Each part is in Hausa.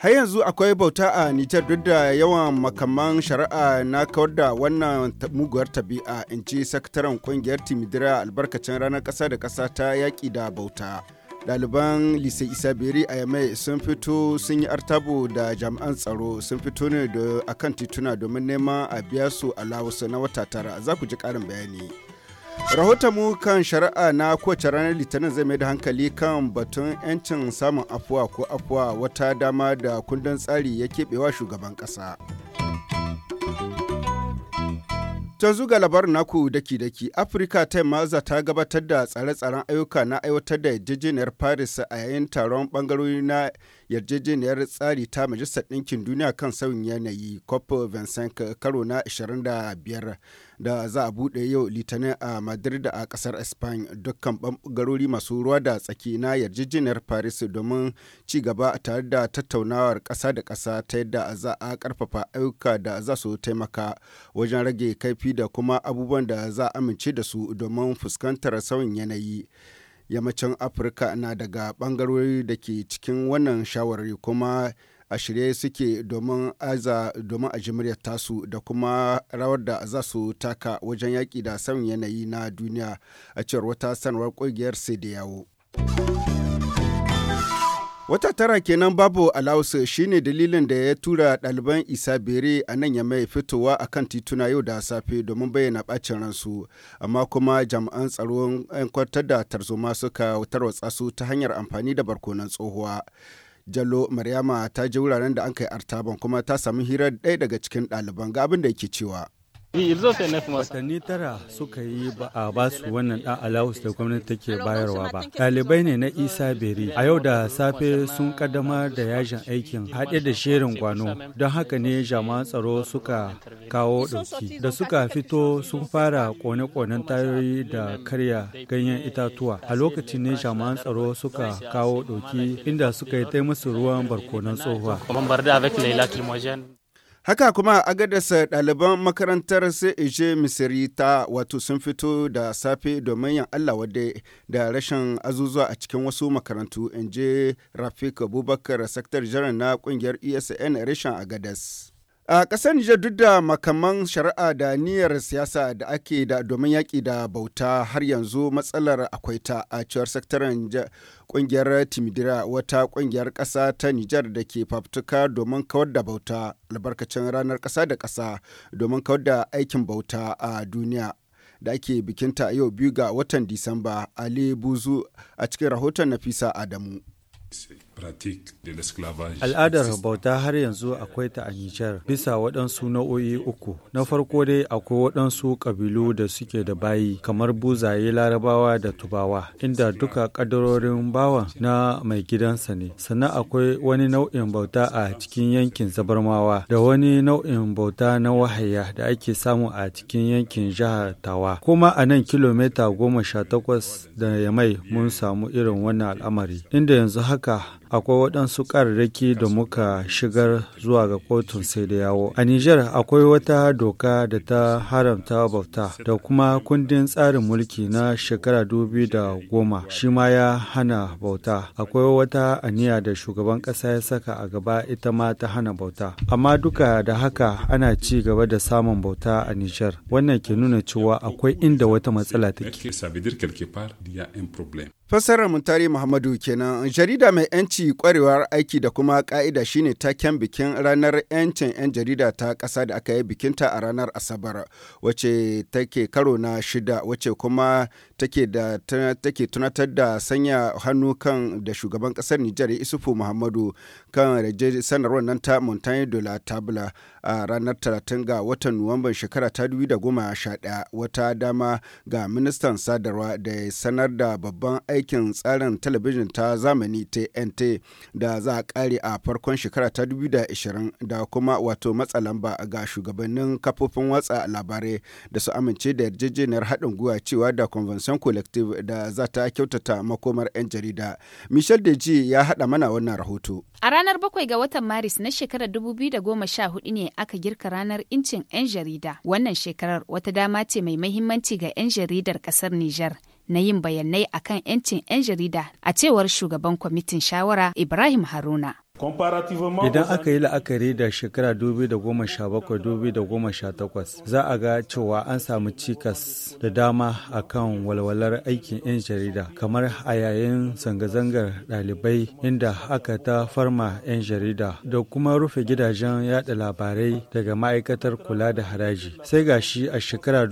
har yanzu akwai bauta a nijar duk da yawan makaman shari'a na kawar da wannan muguwar tabi'a in ce sakataren kungiyar timidira albarkacin ranar kasa da kasa ta yaƙi da bauta ɗaliban lise isabiri a yamai sun fito sun yi artabo da jami'an tsaro sun fito ne akan tituna domin neman a biya su a lawusa na wata tara za ku ji ƙarin bayani mu kan shari'a na kowace ranar litinin zai mai da hankali kan batun 'yancin samun afuwa ko afuwa wata dama da kundin tsari ya keɓewa shugaban ƙasa. Canzu ga labarin naku daki-daki, Afirka ta maza ta gabatar da tsare-tsaren ayyuka na aiwatar da yarjejeniyar Paris a yayin taron bangarori na yarjejeniyar tsari ta Majalisar Ɗinkin Duniya kan sauyin yanayi COP25 karo na 25. da za a buɗe yau litinin a madrid a ƙasar spain dukkan bangarori masu ruwa da tsaki na yarjejeniyar paris domin ci gaba tare da tattaunawar ƙasa da ƙasa ta yadda za a ƙarfafa ayyuka da za su taimaka wajen rage kaifi da kuma abubuwan da za a amince da su domin fuskantar sauyin yanayi. yammacin afirka na daga bangarori da ke cikin wannan shawarar kuma a shirye suke domin aza domin a tasu da kuma rawar da za su taka wajen yaƙi da sauyin yanayi na duniya a cewar wata sanarwar ƙungiyar sai da yawo. Wata tara kenan babu alawus shine dalilin da ya tura ɗaliban isa bere a nan ya mai fitowa a kan tituna yau da safe domin bayyana ɓacin ransu, amma kuma jami'an tsaron 'yan eh, kwantar da tarzoma suka tarwatsa su ta hanyar amfani da barkonan tsohuwa. Jallo Maryama ta je wuraren da an kai artaban kuma ta samu hirar ɗaya daga cikin ɗaliban ga abin da yake cewa. Watanni tara suka yi ba a basu wannan ɗan alawus da gwamnati take bayarwa ba. Ɗalibai ne na Isa Beri a yau da safe sun kaddamar da yajin aikin haɗe da shirin gwano don haka ne jama'an tsaro suka kawo ɗauki. Da suka fito sun fara kone-konen tayoyi da karya ganyen itatuwa. A lokacin ne jama'an tsaro suka kawo ɗauki inda suka yi ta musu ruwan barkonon tsohuwa. Haka kuma a gadasa ɗaliban makarantar sai Misiri ta wato sun fito da safe domin yin Allah wadda da rashin azuzuwa a cikin wasu makarantu in je Rafik Abubakar Saktar Jiran na ƙungiyar ESN rashin Agadas. A ƙasar Nijar duk da makaman shari'a da niyyar siyasa da ake da domin yaƙi da bauta har yanzu matsalar akwai ta a cewar sektoran ƙungiyar Timidira wata ƙungiyar ƙasa ta Nijar da ke fafutuka domin kawar da bauta albarkacin ranar ƙasa da ƙasa domin kawar da aikin bauta a duniya da ake bikinta yau biyu ga watan Disamba Ali Buzu a cikin rahoton Nafisa Adamu. Al'adar bauta har yanzu akwai ta a Nijar bisa waɗansu nau'o'i uku. Na farko dai akwai waɗansu ƙabilu da suke da bayi kamar buzaye larabawa da tubawa inda duka ƙadarorin bawan na mai gidansa ne. Sannan akwai wani nau'in bauta a cikin yankin zabarmawa da wani nau'in bauta na wahaya da ake samu a cikin yankin jihar Tawa. Kuma a nan kilomita goma sha takwas da Yamai mun samu irin wannan al'amari inda yanzu haka akwai waɗansu ƙararraki da muka shigar zuwa ga kotun sai da yawo. A Nijar akwai wata doka da ta haramta bauta da kuma kundin tsarin mulki na shekara dubi da goma shi ma ya hana bauta. Akwai wata aniya da shugaban ƙasa ya saka a gaba ita ma ta hana bauta. Amma duka da haka ana ci gaba da samun bauta a Nijar. Wannan ke nuna cewa akwai inda wata matsala take. Fassarar Muntari Muhammadu kenan jarida mai 'yanci kwarewar aiki da kuma ka'ida shine taken bikin ranar 'yancin 'yan jarida ta ƙasa da aka yi bikinta a ranar Asabar wacce take karo na shida wacce kuma take da take tunatar da sanya hannu kan da shugaban ƙasar Nijar Isufu Muhammadu kan sanarwar nan ta Montaigne de la Table a ranar 30 ga watan Nuwamban shekara ta 2011 wata dama ga ministan sadarwa da ya sanar da babban aikin tsarin talabijin ta zamani TNT da za a kare a farkon shekara ta 2020 da kuma wato matsa lamba ga shugabannin kafofin watsa labarai da su amince da yarjejeniyar haɗin gwiwa cewa da convention collective da za ta kyautata makomar 'yan jarida. Michel Deji ya haɗa mana wannan rahoto. ranar 7 ga watan Maris na shekarar 2014 ne aka girka ranar incin 'yan jarida. Wannan shekarar wata dama ce mai mahimmanci ga 'yan jaridar kasar Nijar. na yin bayanai akan 'yancin 'yan jarida a cewar shugaban kwamitin shawara Ibrahim Haruna. Idan aka yi la'akari da shekara 2017 takwas za a ga cewa an samu cikas da dama a kan walwalar aikin 'yan jarida kamar a yayin zanga-zangar ɗalibai inda aka ta farma 'yan jarida da kuma rufe gidajen yada labarai daga ma'aikatar kula da haraji. Sai gashi a shekara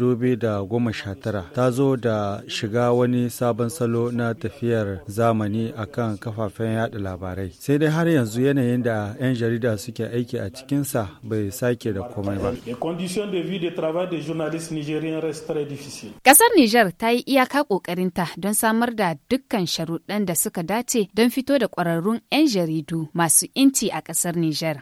tara ta zo da shiga wani sabon salo na tafiyar zamani akan kafafen yada labarai. Sai dai har yanzu yanzu yanayin da 'yan jarida suke aiki a cikinsa bai sake da komai ba. Ƙasar Nijar ta yi iyaka ƙoƙarinta don samar da dukkan sharuɗan da suka dace don fito da ƙwararrun 'yan jaridu masu inci a ƙasar Nijar.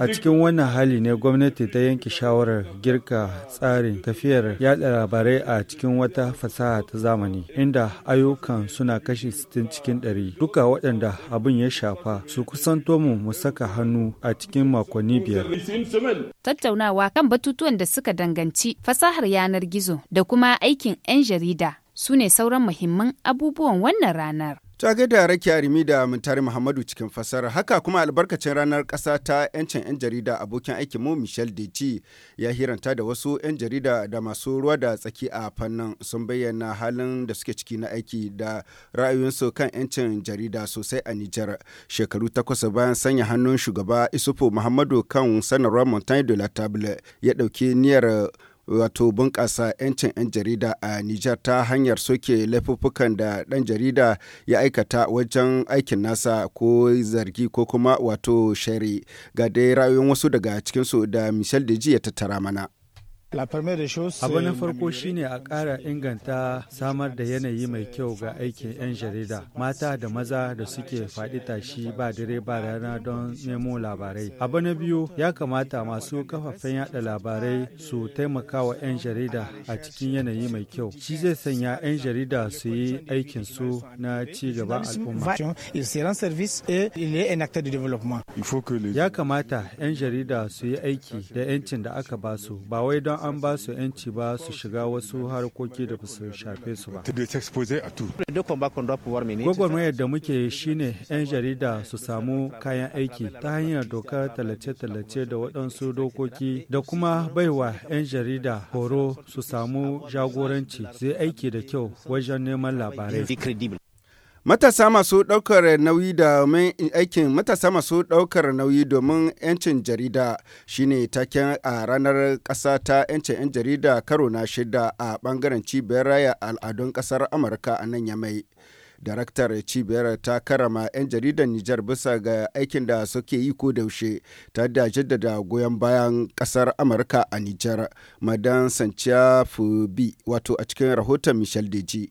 A cikin wannan hali ne gwamnati ta yanke shawarar girka tsarin tafiyar yaɗa labarai a cikin wata fasaha ta zamani inda ayyukan suna kashi 60 cikin 100 duka waɗanda abin ya shafa su kusan kusanto mu mu saka hannu a cikin makonni biyar. Tattaunawa kan batutuwan da suka danganci fasahar yanar gizo da kuma aikin 'yan jarida su ne sauran muhimman abubuwan wannan ranar. Ta gaida Rakiya Arimi da Mintari Muhammadu cikin fasara haka kuma albarkacin ranar ƙasa ta 'yancin 'yan jarida abokin aikin mu Michel Deci ya hiranta da wasu 'yan jarida da masu ruwa da tsaki a fannin sun bayyana halin da suke ciki na aiki da ra'ayoyinsu kan 'yancin jarida sosai a Nijar. Shekaru takwas bayan sanya hannun shugaba Isufu Muhammadu kan sanarwar Montaigne de la Table ya ɗauki niyyar wato bunƙasa 'yancin 'yan jarida a Nijar ta hanyar soke laifuffukan da ɗan jarida ya aikata wajen aikin nasa ko zargi ko kuma wato shari ga dai rayuwar wasu daga cikinsu da Michel Deji ya tattara mana. Abu na farko shine a ƙara inganta samar da yanayi mai kyau ga aikin 'yan jarida, mata da maza da suke faɗi tashi ba dare ba rana don nemo labarai. Abu na biyu ya kamata masu kafafen yaɗa labarai su taimaka wa 'yan jarida a cikin yanayi mai kyau. Shi zai sanya 'yan jarida su yi aikin su na ci gaba al'umma. Ya kamata 'yan jarida su yi aiki da 'yancin da aka basu ba wai don an ba su 'yanci ba su shiga wasu harkoki da su shafe su ba. Gwagwarmayar da muke shi ne 'yan jarida su samu kayan aiki ta hanyar dokar tallace-tallace da waɗansu dokoki da kuma baiwa 'yan jarida horo su samu jagoranci su aiki da kyau wajen neman labarai. Matasa masu ɗaukar nauyi domin aikin matasa masu ɗaukar nauyi domin 'yancin jarida shine taken a ranar ƙasa ta 'yancin 'yan jarida karo na shida a ɓangaren cibiyar raya al'adun ƙasar Amurka a nan Yamai. daraktar cibiyar ta karama 'yan jaridar Nijar bisa ga aikin da suke yi ko daushe ta da jaddada goyon bayan ƙasar Amurka a Nijar. Madan Sanciya Fubi wato a cikin rahoton Michel Deji.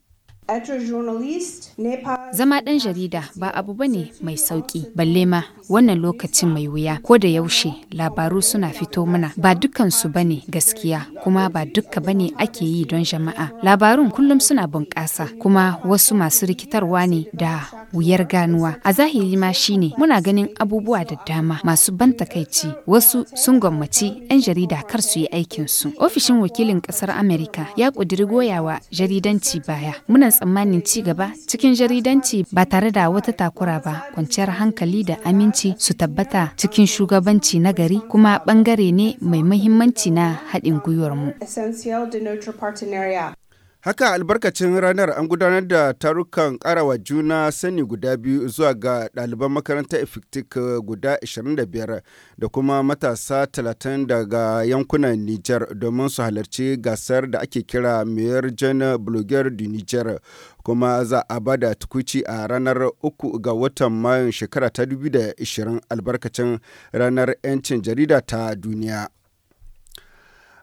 Zama ɗan jarida ba abu ba ne mai sauƙi, balle ma wannan lokacin mai wuya ko da yaushe labaru suna fito mana ba dukansu ba ne gaskiya kuma ba dukka ba ne ake yi don jama'a. Labarun kullum suna bunƙasa kuma wasu masu rikitarwa ne da wuyar ganuwa. A zahiri ma shine muna ganin abubuwa da dama masu ban takaici wasu sun gwammaci 'yan jarida kar su yi aikinsu. Ofishin wakilin ƙasar Amerika ya ƙudiri goyawa jaridanci baya. Muna tsammanin ci gaba cikin jaridanci shugabanci ba tare da wata takura ba kwanciyar hankali da aminci su tabbata cikin shugabanci na gari kuma bangare ne mai muhimmanci na haɗin gwiwarmu. Haka albarkacin ranar an gudanar da tarukan karawa juna sani guda biyu zuwa ga ɗaliban makarantar Iftik eh, guda 25 da kuma matasa 30 daga yankunan Nijar domin su halarci gasar da ake kira Mayor Jan Blogger du Nijar kuma za a ba da tukuci a ranar 3 ga watan Mayun shekara ta 2020 albarkacin ranar 'yancin jarida ta duniya.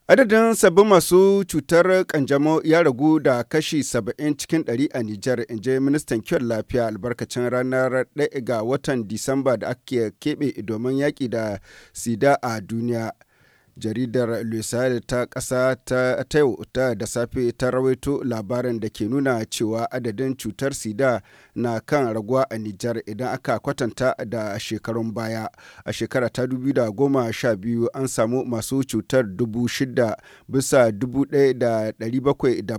Adadin sabbin masu cutar kanjamau ya ragu da kashi 70 cikin 100 a Nijar, in je ministan kiwon lafiya albarkacin ranar 1 ga watan Disamba da ake keɓe domin yaƙi da sida a duniya. jaridar lusari ta kasa ta tayo ta da safe ta rawaito labarin da ke nuna cewa adadin cutar sida na kan raguwa a nijar idan aka kwatanta da shekarun baya a shekara ta biyu an samu masu cutar shida bisa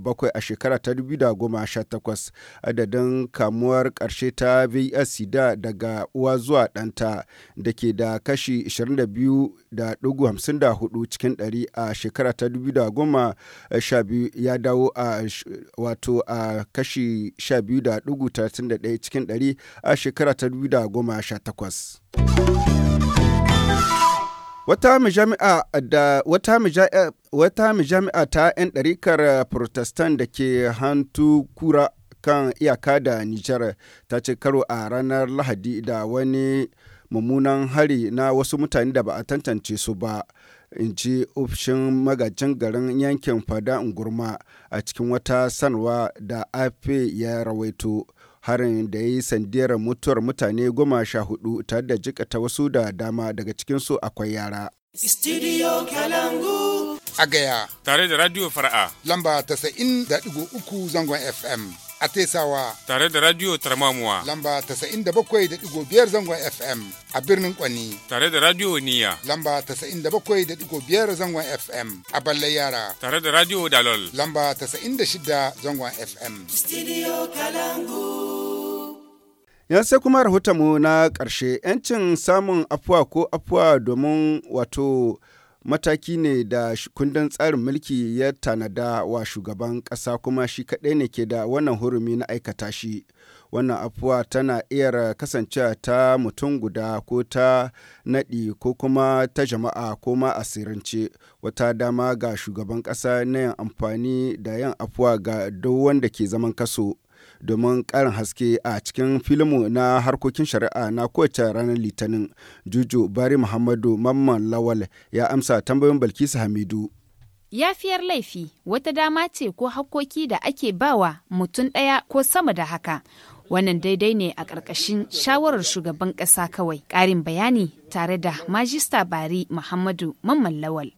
bakwai a shekara ta takwas adadin kamuwar karshe ta vs sida daga uwa zuwa ɗanta da ke da kashi 22.54 hudu cikin ɗari a shekara ta dubu da goma eh, sha biyu ya dawo a wato a kashi sha biyu da dugu talatin da ɗaya cikin ɗari a shekara ta dubu da goma sha takwas. Wata majami'a da wata majami'a wata majami'a ta 'yan ɗarikar Protestant da ke hantu kura kan iyaka da Nijar ta ce karo a ranar Lahadi da wani mummunan hari na wasu mutane da ba a tantance su ba in ci ofishin magajin garin yankin fada ngurma a cikin wata sanwa da afe ya rawaito harin da ya yi sandiyar mutuwar mutane goma sha hudu tare da jikata wasu da dama daga cikinsu akwai yara. Studio Kalangu. a gaya. Tare da Radio Fara'a. Lamba 93.3 zangon FM. a tesawa. Tare da Radio Tarmamuwa. Lamba 97.5 zangon FM a birnin Kwani. Tare da Radio Niya. Lamba 97.5 zangon FM a ballai Yara. Tare da Radio Dalol. Lamba 96 zangon FM. Studio Kalangu. yan sai kuma rahotonmu na ƙarshe 'yancin samun afuwa ko afuwa domin wato mataki ne da kundin tsarin mulki ya tanada wa shugaban ƙasa kuma shi kaɗai ne ke da wannan hurumi na aikata shi wannan afuwa tana iya kasancewa ta mutum guda ko ta naɗi ko kuma ta jama'a ko ma asirance wata dama ga shugaban ƙasa na yin amfani da yin afuwa ga duk wanda ke zaman kaso domin karin haske a cikin filimu na harkokin shari'a na kowace ranar litinin juju bari muhammadu mamman lawal ya amsa tambayin balkisu hamidu Yafiyar laifi wata dama ce ko hakkoki da ake bawa mutum ɗaya ko sama da haka. Wannan daidai ne a ƙarƙashin shawarar shugaban ƙasa kawai. Ƙarin bayani tare da Majista Bari Muhammadu Mamman Lawal.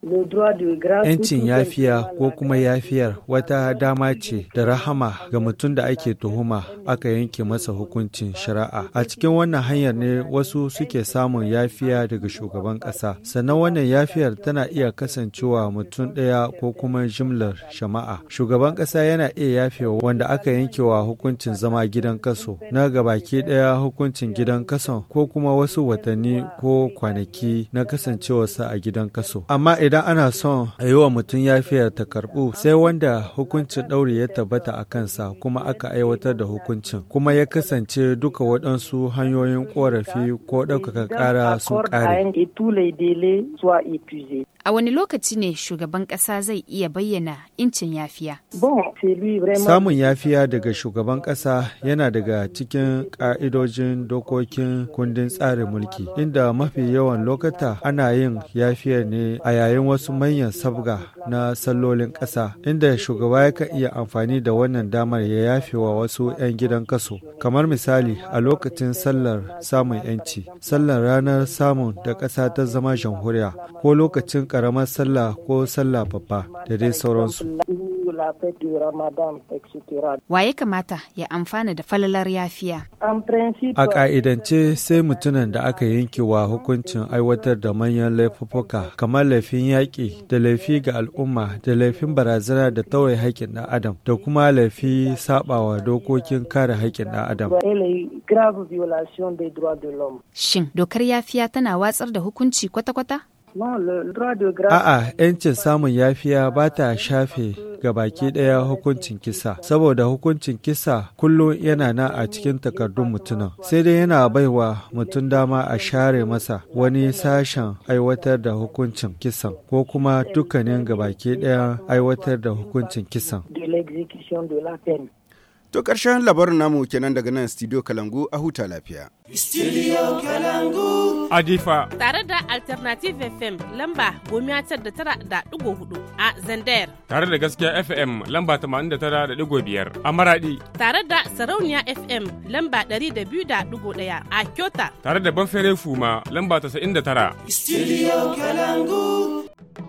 ‘Yancin yafiya ko kuma yafiyar wata dama ce da rahama ga mutum da ake tuhuma aka yanke masa hukuncin shari'a. A cikin wannan hanyar ne wasu suke samun yafiya daga shugaban kasa Sannan wannan yafiyar tana iya kasancewa mutum ɗaya ko kuma jimlar shama'a. Shugaban kasa yana iya yafiya wanda aka yankewa hukuncin zama gidan kaso na gabaki ɗaya hukuncin gidan kaso ko kuma wasu watanni ko kwanaki na kasancewarsa a gidan kaso amma idan ana son a yi wa mutum yafiyar ta karɓu sai wanda hukuncin ɗauri ya tabbata a kansa kuma aka aiwatar da hukuncin kuma ya kasance duka waɗansu hanyoyin ƙorafi ko ɗaukaka ƙara sun ƙare A wani lokaci ne shugaban ƙasa zai iya bayyana incin yafiya? Samun yafiya daga shugaban ƙasa yana daga cikin ƙa'idojin dokokin kundin tsarin mulki, inda mafi mafi yawan lokata ana yin yafiya ne a yayin wasu manyan sabga na sallolin ƙasa inda shugaba ya iya amfani da wannan damar ya yafe wa wasu 'yan gidan kaso kamar misali a lokacin sallar samun 'yanci sallar ranar samun da ƙasa ta zama jamhuriya ko lokacin ƙaramar sallah ko sallah babba da dai sauransu. Wa ya kamata ya amfana da falalar yafiya? A ƙa'idance sai mutumin da aka yanke wa hukuncin aiwatar da manyan laifuka kamar laifin yaƙi da laifi ga al'umma da laifin barazana da tauye haƙƙin ɗan adam da kuma laifi saɓawa dokokin kare haƙƙin ɗan adam. E Shin dokar yafiya tana watsar da hukunci kwata-kwata? A'a, 'yancin samun yafiya ba ta shafe ga baki ɗaya hukuncin kisa, saboda hukuncin kisa kullum yana na a cikin takardun mutumin. Sai dai yana baiwa mutum dama a share masa wani sashen aiwatar da hukuncin kisan, ko kuma dukkanin ga baki ɗaya aiwatar da hukuncin kisan. To ƙarshen labarin namu kenan daga nan Studio Kalangu a huta lafiya. Studio Kalangu. Adifa. Tare da Alternative FM lamba gomiya tar da tara da ɗigo hudu a zander. Tare da gaskiya FM lamba tamanin da tara da ɗigo biyar a Maraɗi. Tare da Sarauniya FM lamba ɗari da biyu da ɗigo ɗaya a Kyota. Tare da Banfere Fuma lamba tasa'in da tara. Studio Kalangu.